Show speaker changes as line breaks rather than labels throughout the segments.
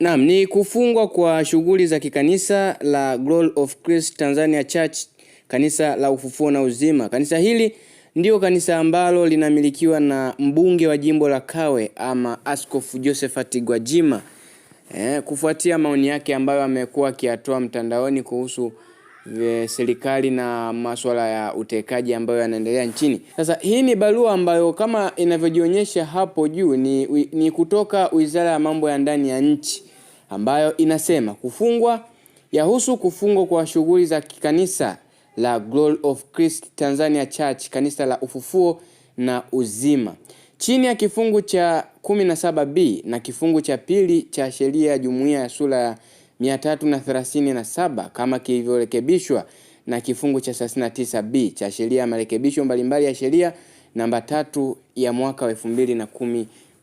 Naam, ni kufungwa kwa shughuli za kikanisa la Glory of Christ Tanzania Church, kanisa la ufufuo na uzima. Kanisa hili ndio kanisa ambalo linamilikiwa na mbunge wa jimbo la Kawe ama Askofu Josephat Gwajima eh, kufuatia maoni yake ambayo amekuwa akiyatoa mtandaoni kuhusu eh, serikali na masuala ya utekaji ambayo yanaendelea nchini. Sasa hii ni barua ambayo kama inavyojionyesha hapo juu ni, ni kutoka Wizara ya Mambo ya Ndani ya Nchi ambayo inasema kufungwa yahusu kufungwa kwa shughuli za kikanisa la Glory of Christ Tanzania Church, kanisa la ufufuo na uzima, chini ya kifungu cha 17b na kifungu cha pili cha sheria ya jumuiya ya sura ya 337 kama kilivyorekebishwa na kifungu cha 39b cha sheria ya marekebisho mbalimbali ya sheria namba tatu ya mwaka wa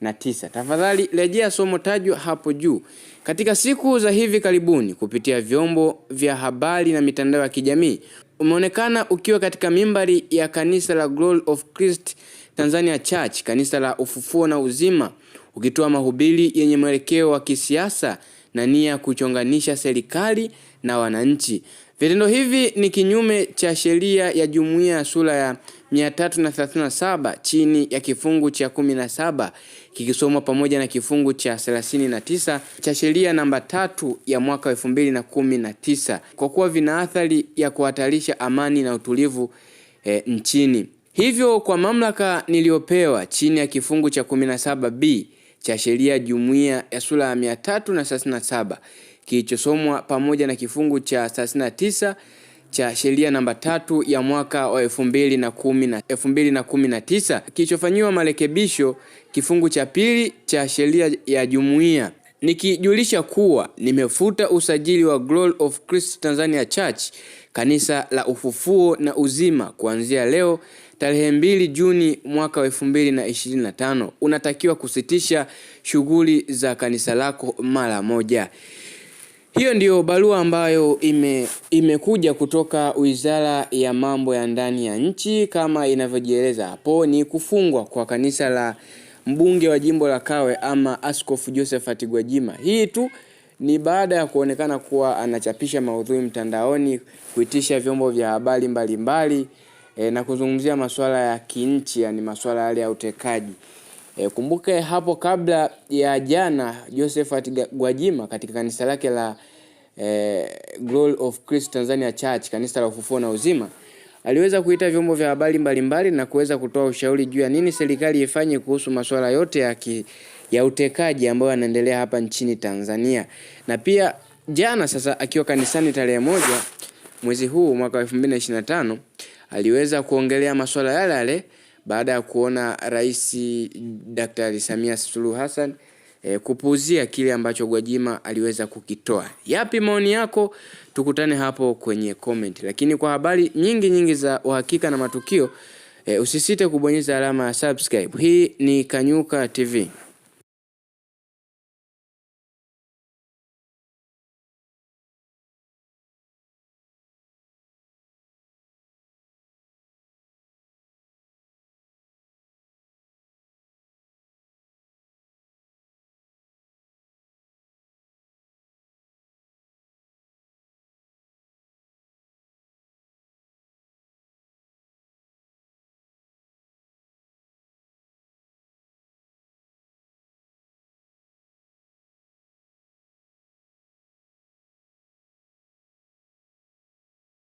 na tisa. Tafadhali rejea somo tajwa hapo juu. Katika siku za hivi karibuni, kupitia vyombo vya habari na mitandao ya kijamii, umeonekana ukiwa katika mimbari ya kanisa la Glory of Christ Tanzania Church, kanisa la ufufuo na uzima, ukitoa mahubiri yenye mwelekeo wa kisiasa na nia kuchonganisha serikali na wananchi. Vitendo hivi ni kinyume cha sheria ya jumuiya ya sura ya 337 chini ya kifungu cha 17 kikisomwa pamoja na kifungu cha 39 cha sheria namba tatu ya mwaka 2019 kwa kuwa vina athari ya kuhatarisha amani na utulivu e, nchini. Hivyo kwa mamlaka niliyopewa chini ya kifungu cha 17b cha sheria jumuiya ya sura ya 337 kilichosomwa pamoja na kifungu cha 39 cha sheria namba tatu ya mwaka wa elfu mbili na kumi na elfu mbili na kumi na tisa kilichofanyiwa marekebisho kifungu cha pili cha sheria ya jumuiya nikijulisha kuwa nimefuta usajili wa Glory of Christ Tanzania Church kanisa la ufufuo na uzima kuanzia leo tarehe 2 Juni mwaka wa tano. Unatakiwa kusitisha shughuli za kanisa lako mara moja. Hiyo ndiyo barua ambayo ime imekuja kutoka Wizara ya Mambo ya Ndani ya Nchi, kama inavyojieleza hapo, ni kufungwa kwa kanisa la mbunge wa jimbo la Kawe ama Askofu Josephat Gwajima. Hii tu ni baada ya kuonekana kuwa anachapisha maudhui mtandaoni, kuitisha vyombo vya habari mbalimbali e, na kuzungumzia masuala ya kinchi, yani masuala yale ya utekaji. E, kumbuke hapo kabla ya jana Josephat Gwajima katika kanisa lake la e, Glory of Christ Tanzania Church, kanisa la ufufuo na uzima, aliweza kuita vyombo vya habari mbalimbali na kuweza kutoa ushauri juu ya nini serikali ifanye kuhusu masuala yote ya, ki, ya utekaji ambayo yanaendelea hapa nchini Tanzania. Na pia jana sasa akiwa kanisani tarehe moja mwezi huu mwaka 2025 aliweza kuongelea masuala yale yale baada ya kuona Rais Daktari Samia Suluhu Hassan e, kupuuzia kile ambacho Gwajima aliweza kukitoa. Yapi maoni yako? Tukutane hapo kwenye comment, lakini kwa habari nyingi nyingi za uhakika na matukio e, usisite kubonyeza alama ya subscribe. Hii ni Kanyuka TV.